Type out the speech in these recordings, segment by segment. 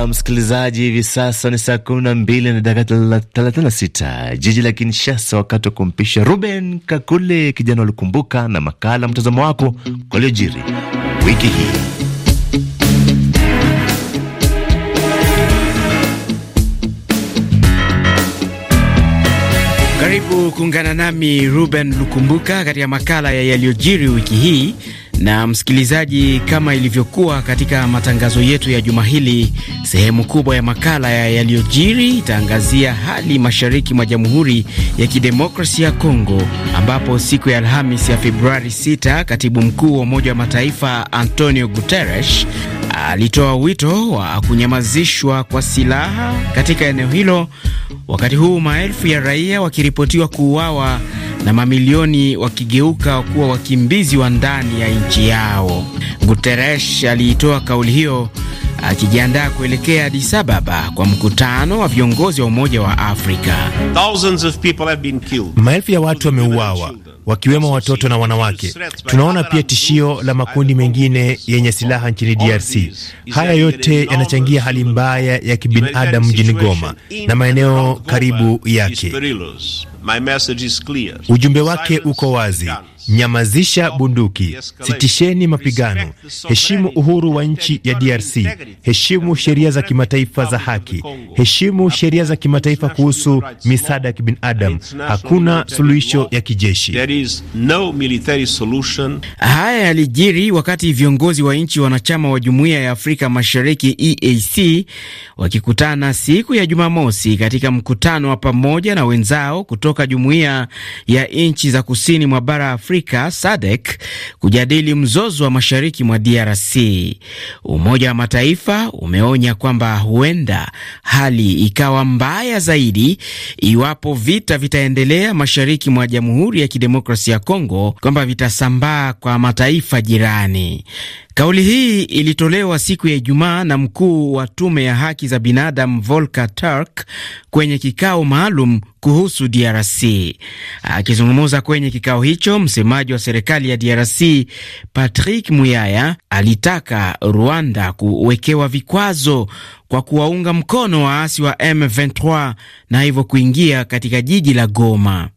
bora msikilizaji, hivi sasa ni saa kumi na mbili na dakika thelathini na sita jiji la Kinshasa, wakati wa kumpisha Ruben Kakule, kijana walikumbuka na makala mtazamo wako kwa wiki hii. Karibu kuungana nami Ruben Lukumbuka katika makala ya yaliyojiri wiki hii na msikilizaji, kama ilivyokuwa katika matangazo yetu ya juma hili, sehemu kubwa ya makala ya yaliyojiri itaangazia hali mashariki mwa Jamhuri ya Kidemokrasia ya Kongo, ambapo siku ya Alhamis ya Februari 6 katibu mkuu wa Umoja wa Mataifa Antonio Guterres alitoa wito wa kunyamazishwa kwa silaha katika eneo hilo, wakati huu maelfu ya raia wakiripotiwa kuuawa na mamilioni wakigeuka kuwa wakimbizi wa ndani ya nchi yao. Guterres aliitoa kauli hiyo akijiandaa kuelekea Addis Ababa kwa mkutano wa viongozi wa Umoja wa Afrika. Maelfu ya watu wameuawa wakiwemo watoto na wanawake. Tunaona pia tishio la makundi mengine yenye silaha nchini DRC. Haya yote yanachangia hali mbaya ya kibinadamu mjini Goma na maeneo karibu yake. Ujumbe wake uko wazi nyamazisha bunduki, sitisheni mapigano, heshimu uhuru wa nchi ya DRC, heshimu sheria za kimataifa za haki, heshimu sheria za kimataifa kuhusu misaada ya kibinadamu. Hakuna suluhisho ya kijeshi. Haya yalijiri wakati viongozi wa nchi wanachama wa Jumuiya ya Afrika Mashariki EAC wakikutana siku ya Jumamosi katika mkutano wa pamoja na wenzao kutoka Jumuiya ya nchi za kusini mwa bara Afrika Afrika SADC kujadili mzozo wa mashariki mwa DRC. Umoja wa Mataifa umeonya kwamba huenda hali ikawa mbaya zaidi iwapo vita vitaendelea mashariki mwa Jamhuri ya Kidemokrasia ya Kongo, kwamba vitasambaa kwa mataifa jirani. Kauli hii ilitolewa siku ya Ijumaa na mkuu wa tume ya haki za binadamu Volker Turk kwenye kikao maalum kuhusu DRC. Akizungumza kwenye kikao hicho, msemaji wa serikali ya DRC Patrick Muyaya alitaka Rwanda kuwekewa vikwazo kwa kuwaunga mkono waasi wa M23 na hivyo kuingia katika jiji la Goma.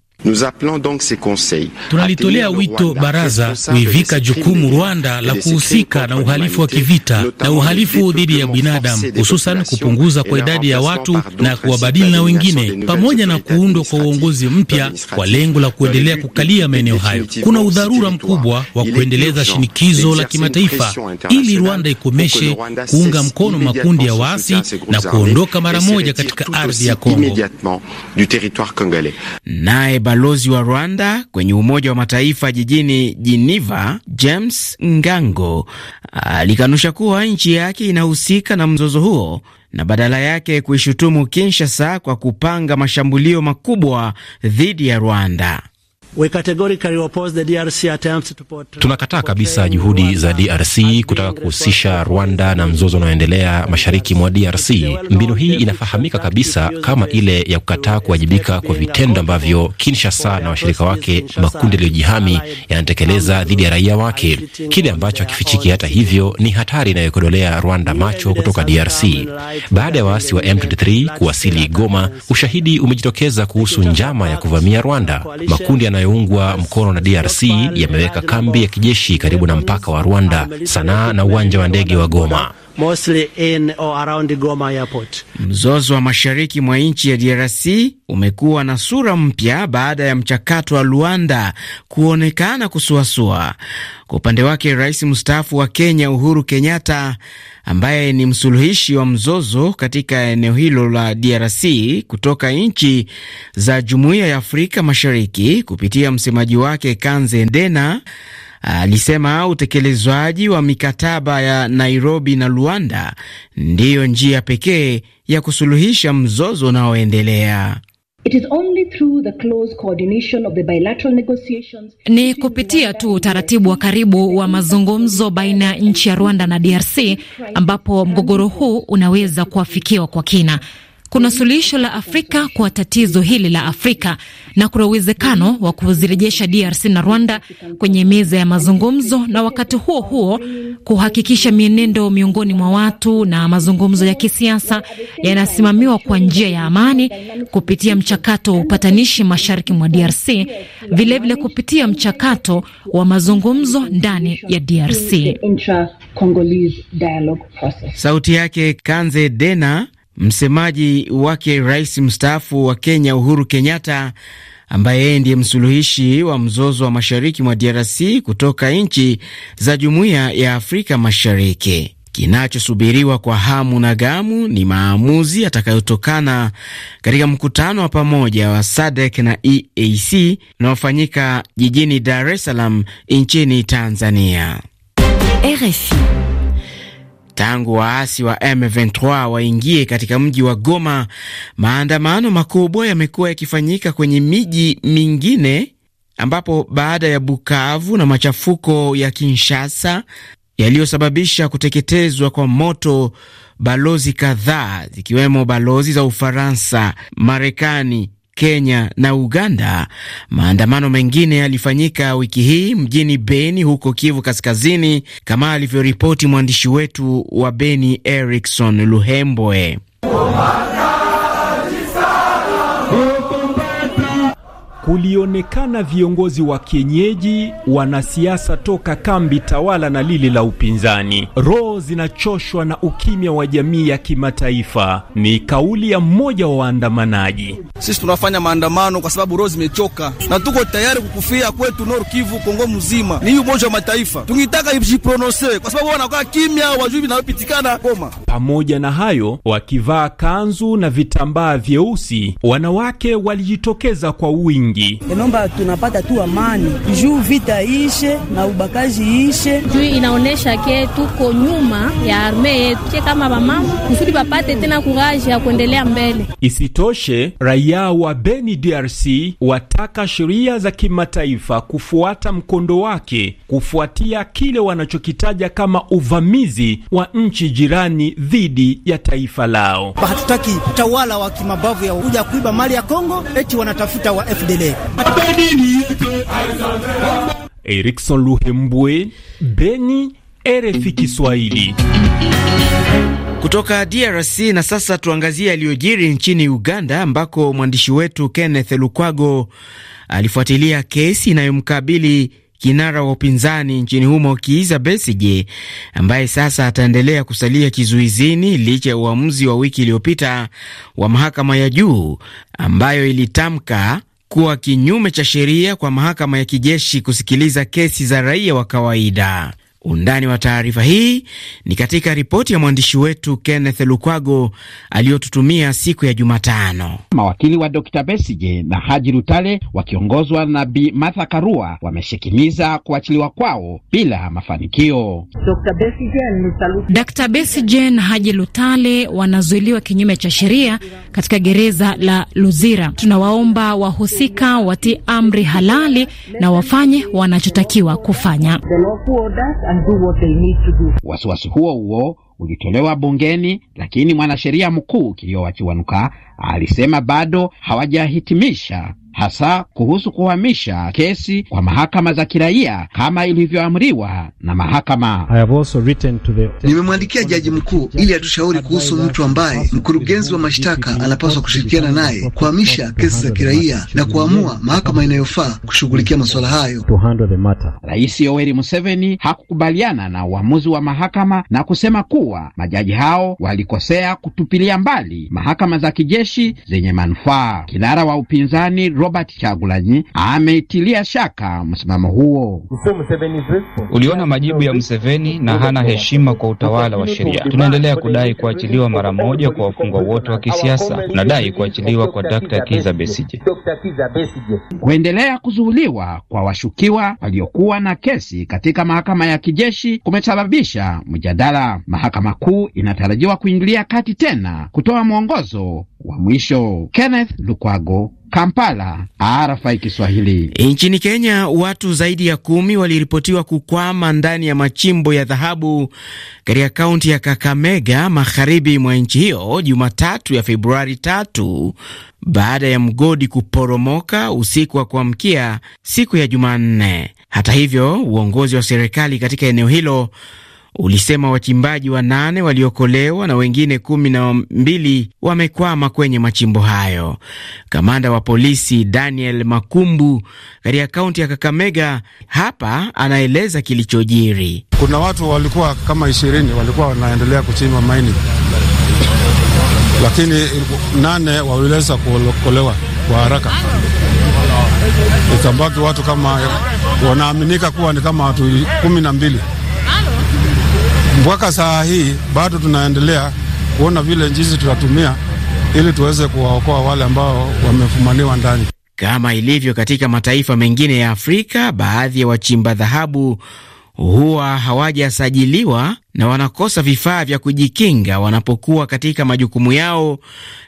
Tunalitolea wito baraza kuivika jukumu Rwanda la kuhusika na uhalifu wa kivita na uhalifu dhidi ya binadamu, hususan kupunguza kwa idadi ya watu na kuwabadili na wengine, pamoja na kuundwa kwa uongozi mpya kwa lengo la kuendelea kukalia maeneo hayo. Kuna udharura mkubwa wa kuendeleza shinikizo la kimataifa ili Rwanda ikomeshe kuunga mkono makundi ya waasi na kuondoka mara moja katika ardhi ya Kongo. Naye balozi wa Rwanda kwenye Umoja wa Mataifa jijini Geneva, James Ngango, alikanusha kuwa nchi yake inahusika na mzozo huo na badala yake kuishutumu Kinshasa kwa kupanga mashambulio makubwa dhidi ya Rwanda. Tunakataa kabisa juhudi za DRC kutaka kuhusisha Rwanda na mzozo unaoendelea mashariki mwa DRC. Mbinu hii inafahamika kabisa kama ile ya kukataa kuwajibika kwa vitendo ambavyo Kinshasa na washirika wake, makundi yaliyojihami, yanatekeleza dhidi ya raia wake. Kile ambacho hakifichiki hata hivyo ni hatari inayokodolea Rwanda macho kutoka DRC. Baada ya waasi wa M23 kuwasili Goma, ushahidi umejitokeza kuhusu njama ya kuvamia Rwanda. Makundi yanayoungwa mkono na DRC yameweka kambi ya kijeshi karibu na mpaka wa Rwanda, Sanaa na uwanja wa ndege wa Goma. Mzozo wa mashariki mwa nchi ya DRC umekuwa na sura mpya baada ya mchakato wa Luanda kuonekana kusuasua. Kwa upande wake, rais mstaafu wa Kenya Uhuru Kenyatta ambaye ni msuluhishi wa mzozo katika eneo hilo la DRC kutoka nchi za Jumuiya ya Afrika Mashariki kupitia msemaji wake Kanze Ndena alisema utekelezwaji wa mikataba ya Nairobi na Luanda ndiyo njia pekee ya kusuluhisha mzozo unaoendelea. It is only through the close coordination of the bilateral negotiations. Ni kupitia tu utaratibu wa karibu wa mazungumzo baina ya nchi ya Rwanda na DRC ambapo mgogoro huu unaweza kuafikiwa kwa kina kuna suluhisho la Afrika kwa tatizo hili la Afrika na kuna uwezekano wa kuzirejesha DRC na Rwanda kwenye meza ya mazungumzo, na wakati huo huo kuhakikisha mienendo miongoni mwa watu na mazungumzo ya kisiasa yanasimamiwa kwa njia ya amani kupitia mchakato wa upatanishi mashariki mwa DRC, vilevile vile kupitia mchakato wa mazungumzo ndani ya DRC. Sauti yake Kanze Dena Msemaji wake rais mstaafu wa Kenya Uhuru Kenyatta, ambaye yeye ndiye msuluhishi wa mzozo wa mashariki mwa DRC kutoka nchi za jumuiya ya Afrika Mashariki. Kinachosubiriwa kwa hamu na gamu ni maamuzi yatakayotokana katika mkutano wa pamoja wa SADC na EAC unaofanyika jijini Dar es Salaam nchini Tanzania. RFI. Tangu waasi wa M23 waingie katika mji wa Goma, maandamano makubwa yamekuwa yakifanyika kwenye miji mingine, ambapo baada ya Bukavu na machafuko ya Kinshasa yaliyosababisha kuteketezwa kwa moto balozi kadhaa zikiwemo balozi za Ufaransa, Marekani Kenya na Uganda. Maandamano mengine yalifanyika wiki hii mjini Beni huko Kivu Kaskazini, kama alivyoripoti mwandishi wetu wa Beni Erikson Luhembwe. kulionekana viongozi wa kienyeji, wanasiasa toka kambi tawala na lili la upinzani. Roho zinachoshwa na ukimya wa jamii ya kimataifa, ni kauli ya mmoja wa waandamanaji. Sisi tunafanya maandamano kwa sababu roho zimechoka na tuko tayari kukufia kwetu Nord Kivu, Kongo mzima. Ni hii Umoja wa Mataifa tungitaka ijiprononse kwa sababu wanakaa kimya, wajui vinavyopitikana Goma. Pamoja na hayo, wakivaa kanzu na vitambaa vyeusi, wanawake walijitokeza kwa wingi mingi. Enomba tunapata tu amani juu vita ishe na ubakaji ishe, juu inaonesha ke tuko nyuma ya arme yetu ke kama bamama kusudi bapate tena kuraji ya kuendelea mbele. Isitoshe, raia wa Beni DRC wataka sheria za kimataifa kufuata mkondo wake kufuatia kile wanachokitaja kama uvamizi wa nchi jirani dhidi ya taifa lao. Hatutaki utawala wa kimabavu ya uja kuiba mali ya Kongo, eti wanatafuta wa FDL mbele. Erikson Luhembwe, Beni, RFI Kiswahili. Kutoka DRC na sasa tuangazie yaliyojiri nchini Uganda ambako mwandishi wetu Kenneth Lukwago alifuatilia kesi inayomkabili kinara wa upinzani nchini humo Kiiza Besige ambaye sasa ataendelea kusalia kizuizini licha ya uamuzi wa wiki iliyopita wa mahakama ya juu ambayo ilitamka kuwa kinyume cha sheria kwa mahakama ya kijeshi kusikiliza kesi za raia wa kawaida. Undani wa taarifa hii ni katika ripoti ya mwandishi wetu Kenneth Lukwago aliyotutumia siku ya Jumatano. Mawakili wa Dr Besije na Haji Rutale wakiongozwa na Bi Martha Karua wameshikimiza kuachiliwa kwao bila mafanikio. Dr Besije na Haji Rutale wanazuiliwa kinyume cha sheria katika gereza la Luzira. Tunawaomba wahusika watie amri halali na wafanye wanachotakiwa kufanya. Wasiwasi huo huo ulitolewa bungeni, lakini mwanasheria mkuu Kilio Kiwanuka alisema bado hawajahitimisha hasa kuhusu kuhamisha kesi kwa mahakama za kiraia kama ilivyoamriwa na mahakama. Nimemwandikia jaji mkuu ili atushauri kuhusu mtu ambaye mkurugenzi wa mashtaka anapaswa kushirikiana naye kuhamisha kesi za kiraia na kuamua mahakama inayofaa kushughulikia masuala hayo. Rais Yoweri Museveni hakukubaliana na uamuzi wa mahakama na kusema kuwa majaji hao walikosea kutupilia mbali mahakama za kijeshi kijeshi zenye manufaa. Kinara wa upinzani Robert Chagulanyi ameitilia shaka msimamo huo. Uliona majibu ya Mseveni na hana heshima kwa utawala wa sheria. Tunaendelea kudai kuachiliwa mara moja kwa wafungwa wote wa kisiasa. Tunadai kuachiliwa kwa Dr. Kiza Besije. Kuendelea kuzuuliwa kwa washukiwa waliokuwa na kesi katika mahakama ya kijeshi kumesababisha mjadala. Mahakama Kuu inatarajiwa kuingilia kati tena kutoa mwongozo wa mwisho. Kenneth Lukwago, Kampala, RFI Kiswahili. E, nchini Kenya, watu zaidi ya kumi waliripotiwa kukwama ndani ya machimbo ya dhahabu katika kaunti ya Kakamega, magharibi mwa nchi hiyo, Jumatatu ya Februari tatu baada ya mgodi kuporomoka usiku wa kuamkia siku ya Jumanne. Hata hivyo, uongozi wa serikali katika eneo hilo ulisema wachimbaji wanane waliokolewa na wengine kumi na mbili wamekwama kwenye machimbo hayo. Kamanda wa polisi Daniel Makumbu katika kaunti ya Kakamega hapa anaeleza kilichojiri. Kuna watu walikuwa kama ishirini walikuwa wanaendelea kuchimba maini, lakini nane waliweza kuokolewa kwa haraka ikabaki watu kama wanaaminika kuwa ni kama watu kumi na mbili mpaka saa hii bado tunaendelea kuona vile njizi tutatumia ili tuweze kuwaokoa wale ambao wamefumaniwa ndani. Kama ilivyo katika mataifa mengine ya Afrika, baadhi ya wachimba dhahabu huwa hawajasajiliwa na wanakosa vifaa vya kujikinga wanapokuwa katika majukumu yao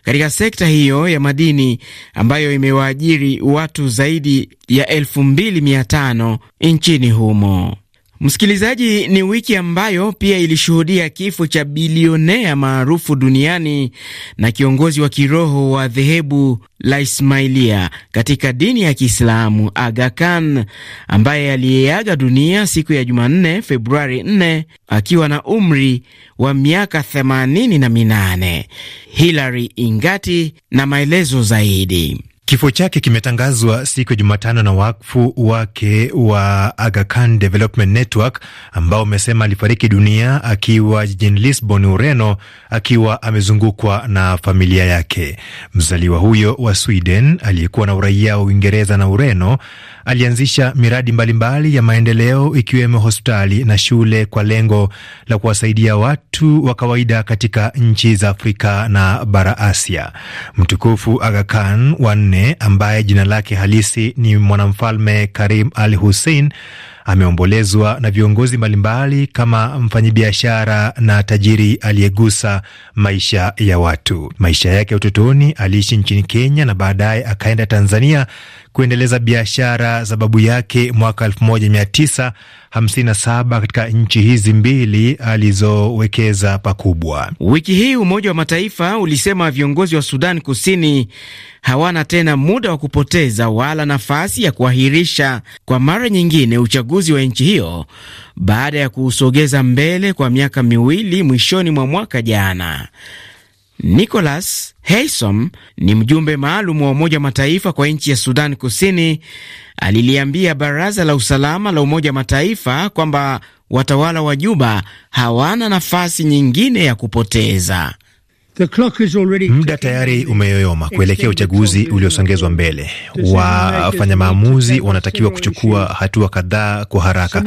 katika sekta hiyo ya madini ambayo imewaajiri watu zaidi ya elfu mbili mia tano nchini humo. Msikilizaji, ni wiki ambayo pia ilishuhudia kifo cha bilionea maarufu duniani na kiongozi wa kiroho wa dhehebu la Ismailia katika dini ya Kiislamu, Aga Khan, ambaye aliyeaga dunia siku ya Jumanne, Februari 4 akiwa na umri wa miaka 88. Hilary Ingati na maelezo zaidi. Kifo chake kimetangazwa siku ya Jumatano na wakfu wake wa Aga Khan Development Network ambao umesema alifariki dunia akiwa jijini Lisbon, Ureno, akiwa amezungukwa na familia yake. Mzaliwa huyo wa Sweden aliyekuwa na uraia wa Uingereza na Ureno alianzisha miradi mbalimbali mbali ya maendeleo ikiwemo hospitali na shule kwa lengo la kuwasaidia watu wa kawaida katika nchi za Afrika na bara Asia. Mtukufu Aga Khan wanne mwingine ambaye jina lake halisi ni mwanamfalme Karim Al Hussein ameombolezwa na viongozi mbalimbali kama mfanyabiashara na tajiri aliyegusa maisha ya watu. Maisha yake ya utotoni aliishi nchini Kenya na baadaye akaenda Tanzania kuendeleza biashara za babu yake mwaka 1957 katika nchi hizi mbili alizowekeza pakubwa. Wiki hii Umoja wa Mataifa ulisema viongozi wa Sudan Kusini hawana tena muda wa kupoteza wala nafasi ya kuahirisha kwa mara nyingine uchaguzi wa nchi hiyo baada ya kuusogeza mbele kwa miaka miwili mwishoni mwa mwaka jana. Nicholas Haysom ni mjumbe maalum wa Umoja wa Mataifa kwa nchi ya Sudan Kusini, aliliambia Baraza la Usalama la Umoja wa Mataifa kwamba watawala wa Juba hawana nafasi nyingine ya kupoteza. Muda tayari umeyoyoma kuelekea uchaguzi uliosongezwa mbele. Wafanya maamuzi wanatakiwa kuchukua hatua kadhaa kwa haraka.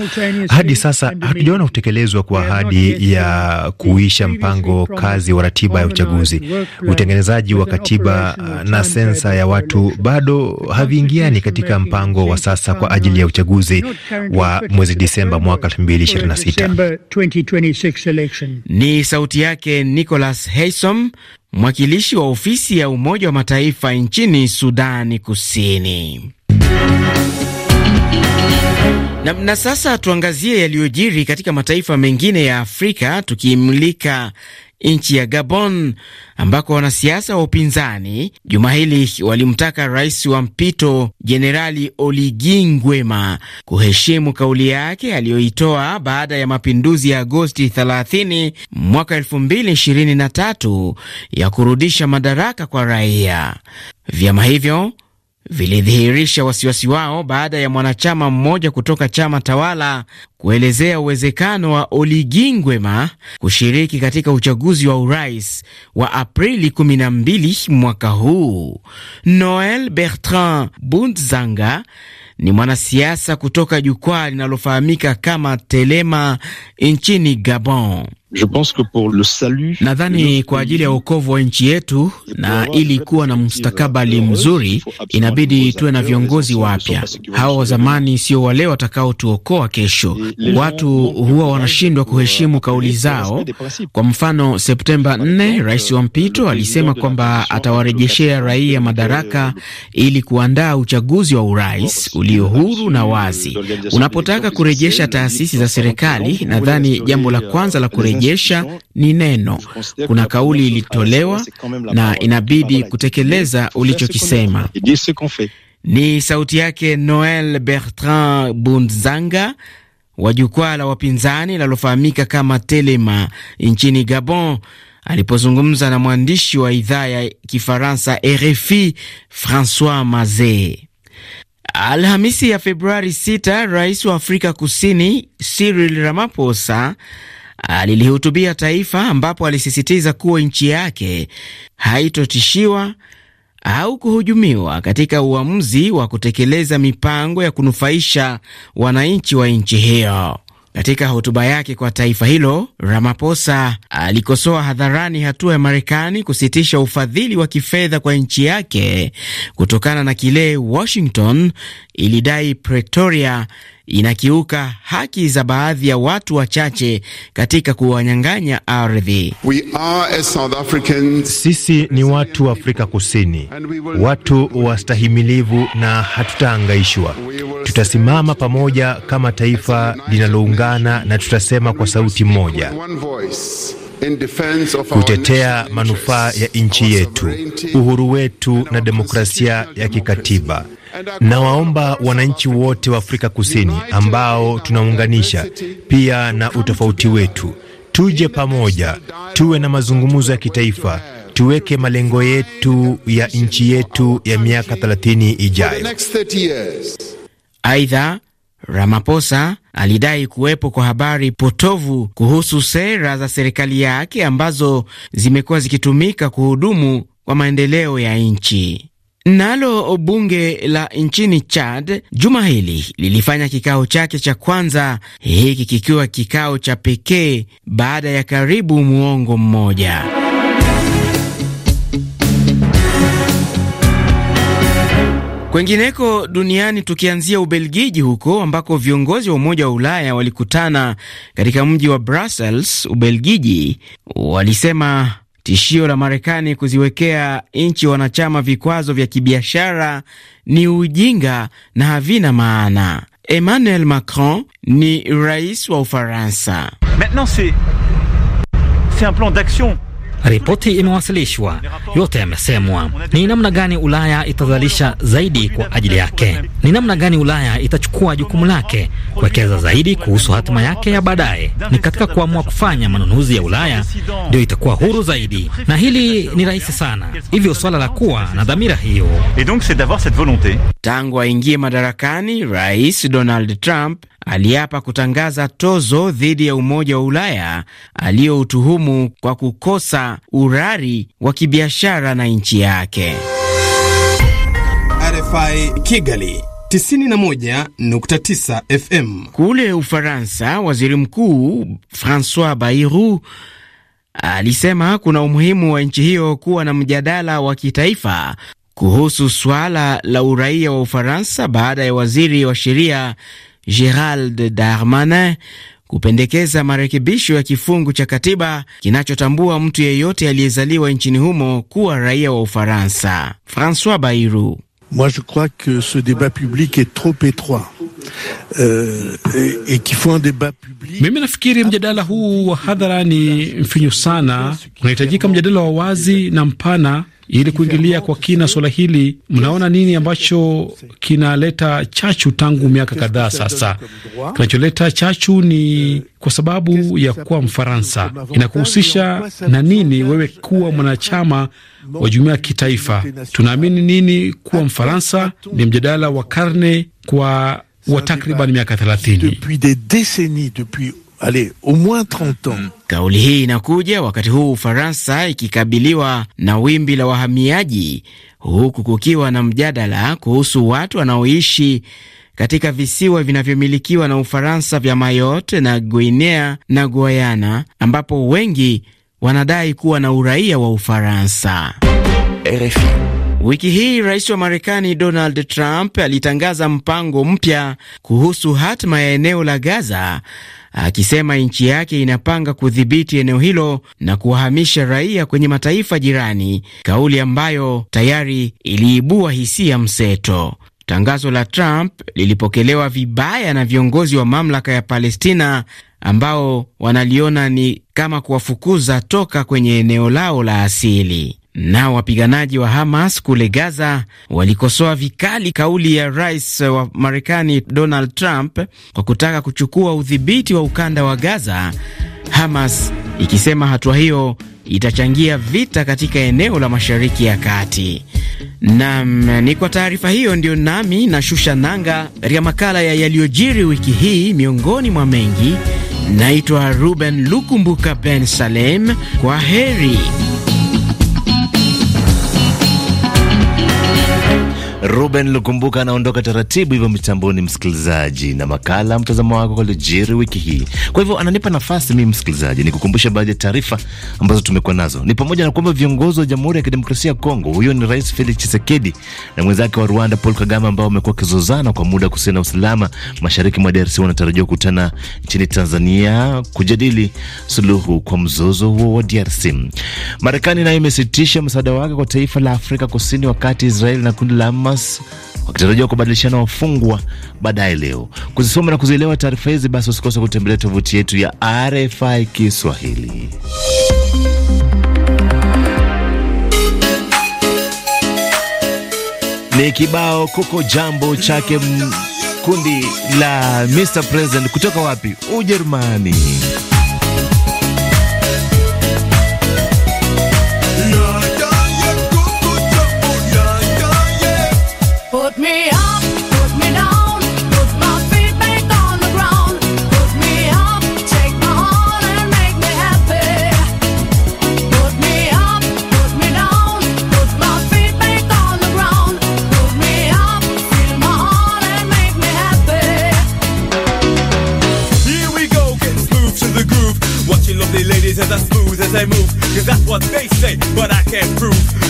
Hadi sasa hatujaona kutekelezwa kwa ahadi ya kuisha mpango kazi wa ratiba ya uchaguzi. Utengenezaji wa katiba na sensa ya watu bado haviingiani katika mpango wa sasa kwa ajili ya uchaguzi wa mwezi Disemba mwaka 2026. Ni sauti yake Nicholas Haysom Salam, mwakilishi wa ofisi ya Umoja wa Mataifa nchini Sudani Kusini. Na, na sasa tuangazie yaliyojiri katika mataifa mengine ya Afrika tukimulika nchi ya Gabon ambako wanasiasa wa upinzani juma hili walimtaka rais wa mpito Jenerali Oligi Nguema kuheshimu kauli yake aliyoitoa baada ya mapinduzi ya Agosti 30 mwaka 2023 ya kurudisha madaraka kwa raia. Vyama hivyo vilidhihirisha wasiwasi wao baada ya mwanachama mmoja kutoka chama tawala kuelezea uwezekano wa Oligingwema kushiriki katika uchaguzi wa urais wa Aprili 12 mwaka huu. Noel Bertrand Bundzanga ni mwanasiasa kutoka jukwaa linalofahamika kama Telema nchini Gabon. Je pense que pour le salut, nadhani kwa ajili ya wokovu wa nchi yetu na ili kuwa na mustakabali mzuri, inabidi tuwe na viongozi wapya. Hawa wa zamani sio wale watakaotuokoa kesho. Watu huwa wanashindwa euh, kuheshimu kauli zao. Kwa mfano, Septemba 4 euh, rais wa mpito alisema kwamba atawarejeshea raia euh, madaraka ili kuandaa uchaguzi wa urais ulio huru na wazi. Unapotaka kurejesha taasisi za serikali, nadhani jambo la kwanza la kurejesha kurejesha ni neno. Kuna kauli ilitolewa na inabidi kutekeleza ulichokisema. Ni sauti yake Noel Bertrand Bunzanga wa jukwaa la wapinzani linalofahamika kama Telema nchini Gabon alipozungumza na mwandishi wa idhaa ya Kifaransa RFI Francois Maze. Alhamisi ya Februari 6, rais wa Afrika Kusini Cyril Ramaphosa alilihutubia taifa ambapo alisisitiza kuwa nchi yake haitotishiwa au kuhujumiwa katika uamuzi wa kutekeleza mipango ya kunufaisha wananchi wa nchi hiyo. Katika hotuba yake kwa taifa hilo, Ramaphosa alikosoa hadharani hatua ya Marekani kusitisha ufadhili wa kifedha kwa nchi yake kutokana na kile Washington ilidai Pretoria inakiuka haki za baadhi ya watu wachache katika kuwanyang'anya ardhi. Sisi ni watu wa Afrika Kusini, watu wastahimilivu na hatutaangaishwa. Tutasimama pamoja kama taifa linaloungana na tutasema kwa sauti moja kutetea manufaa ya nchi yetu, uhuru wetu na demokrasia ya kikatiba. Nawaomba wananchi wote wa Afrika Kusini ambao tunaunganisha pia na utofauti wetu, tuje pamoja, tuwe na mazungumzo ya kitaifa, tuweke malengo yetu ya nchi yetu ya miaka 30 ijayo. Aidha, Ramaphosa alidai kuwepo kwa habari potovu kuhusu sera za serikali yake ambazo zimekuwa zikitumika kuhudumu kwa maendeleo ya nchi. Nalo bunge la nchini Chad juma hili lilifanya kikao chake cha kwanza, hiki kikiwa kikao cha pekee baada ya karibu muongo mmoja. Kwengineko duniani tukianzia Ubelgiji huko ambako viongozi wa Umoja wa Ulaya walikutana katika mji wa Brussels, Ubelgiji, walisema Tishio la Marekani kuziwekea nchi wanachama vikwazo vya kibiashara ni ujinga na havina maana. Emmanuel Macron ni rais wa Ufaransa. Ripoti imewasilishwa, yote yamesemwa. Ni namna gani Ulaya itazalisha zaidi kwa ajili yake, ni namna gani Ulaya itachukua jukumu lake kuwekeza zaidi kuhusu hatima yake ya baadaye. Ni katika kuamua kufanya manunuzi ya Ulaya ndio itakuwa huru zaidi, na hili ni rahisi sana. Hivyo swala la kuwa na dhamira hiyo. Tangu aingie madarakani, Rais Donald Trump aliapa kutangaza tozo dhidi ya Umoja wa Ulaya aliyoutuhumu kwa kukosa urari wa kibiashara na nchi yake. RFI Kigali 91.9 FM. Kule Ufaransa, waziri mkuu Francois Bayrou alisema kuna umuhimu wa nchi hiyo kuwa na mjadala wa kitaifa kuhusu suala la uraia wa Ufaransa baada ya waziri wa sheria Gerald Darmanin kupendekeza marekebisho ya kifungu cha katiba kinachotambua mtu yeyote aliyezaliwa nchini humo kuwa raia wa Ufaransa. François Bayrou Moi, je crois que ce débat public est trop étroit. Euh, un débat public. mimi nafikiri mjadala huu wa hadhara ni mfinyu sana. Unahitajika mjadala wa wazi na mpana ili kuingilia kwa kina swala hili. Mnaona nini ambacho kinaleta chachu tangu miaka kadhaa sasa? Kinacholeta chachu ni kwa sababu ya kuwa Mfaransa inakuhusisha na nini wewe kuwa mwanachama wa jumuiya ya kitaifa. Tunaamini nini kuwa Mfaransa ni mjadala wa karne kwa wa takriban miaka thelathini. 30 hmm. Kauli hii inakuja wakati huu Ufaransa ikikabiliwa na wimbi la wahamiaji huku kukiwa na mjadala kuhusu watu wanaoishi katika visiwa vinavyomilikiwa na Ufaransa vya Mayotte na Guinea na Guayana ambapo wengi wanadai kuwa na uraia wa Ufaransa. RFI. Wiki hii rais wa Marekani Donald Trump alitangaza mpango mpya kuhusu hatima ya eneo la Gaza, akisema nchi yake inapanga kudhibiti eneo hilo na kuwahamisha raia kwenye mataifa jirani, kauli ambayo tayari iliibua hisia mseto. Tangazo la Trump lilipokelewa vibaya na viongozi wa mamlaka ya Palestina ambao wanaliona ni kama kuwafukuza toka kwenye eneo lao la asili. Nao wapiganaji wa Hamas kule Gaza walikosoa vikali kauli ya rais wa Marekani Donald Trump kwa kutaka kuchukua udhibiti wa ukanda wa Gaza, Hamas ikisema hatua hiyo itachangia vita katika eneo la Mashariki ya Kati. Nam ni kwa taarifa hiyo ndiyo nami na shusha nanga katika makala ya yaliyojiri wiki hii, miongoni mwa mengi Naitwa Ruben Lukumbuka Ben Salem, kwa heri. Ruben Lukumbuka anaondoka taratibu hivyo mitamboni, msikilizaji, na makala mtazamo wako kwa kalijiri wiki hii. Kwa hivyo ananipa nafasi mimi msikilizaji nikukumbusha baadhi ya taarifa ambazo tumekuwa nazo, ni pamoja na kwamba viongozi wa Jamhuri ya Kidemokrasia ya Kongo, huyo ni Rais Felix Tshisekedi na mwenzake wa Rwanda Paul Kagame, ambao wamekuwa wakizozana kwa muda kuhusiana na usalama mashariki mwa DRC, wanatarajiwa kukutana nchini Tanzania kujadili suluhu kwa mzozo huo wa DRC. Marekani nayo imesitisha msaada wake kwa taifa la Afrika Kusini wakati Israeli na kundi la Hamas wakitarajiwa kubadilishana wafungwa baadaye leo. Kuzisoma na kuzielewa taarifa hizi, basi usikose kutembelea tovuti yetu ya RFI Kiswahili. Ni kibao kuko jambo chake kundi la Mr President kutoka wapi? Ujerumani.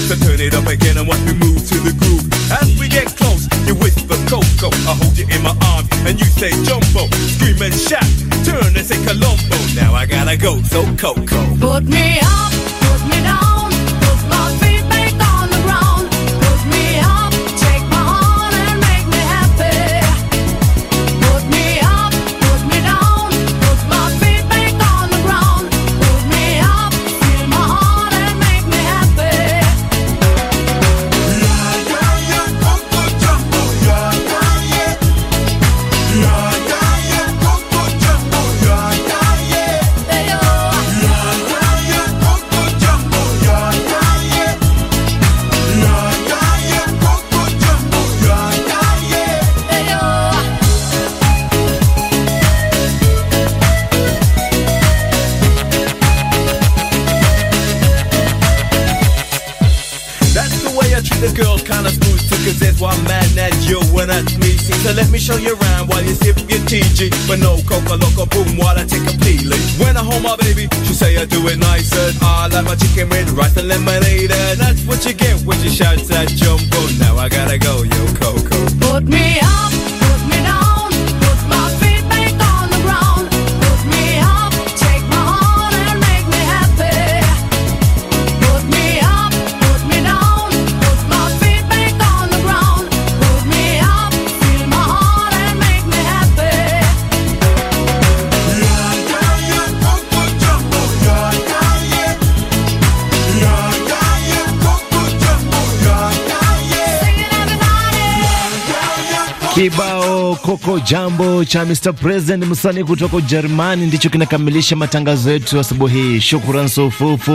So turn it up again and watch me move to the groove. As we get close, you whisper Coco. I hold you in my arms and you say Jumbo. Scream and shout, turn and say Colombo. Now I gotta go, so Coco. Put me up. show you around while you sip your TG. But no coca loco boom while I take a peeling. When I hold my baby, she say I do it nicer. I like my chicken with rice and lemonade. And that's what you get when you shout that jumbo. Now I gotta go, yo Coco. Put me up. koko jambo cha Mr President, msanii kutoka Ujerumani, ndicho kinakamilisha matangazo yetu asubuhi hii. Shukran sufufu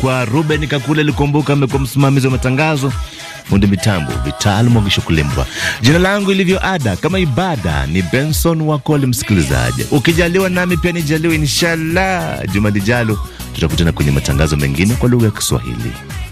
kwa Ruben Kakule Likumbuka, amekuwa msimamizi wa matangazo. Fundi mitambo Vital Mwagisho Kulembwa. Jina langu ilivyo ada kama ibada ni Benson Wakoli. Msikilizaji, ukijaliwa nami pia nijaliwe, inshallah juma lijalo tutakutana kwenye matangazo mengine kwa lugha ya Kiswahili.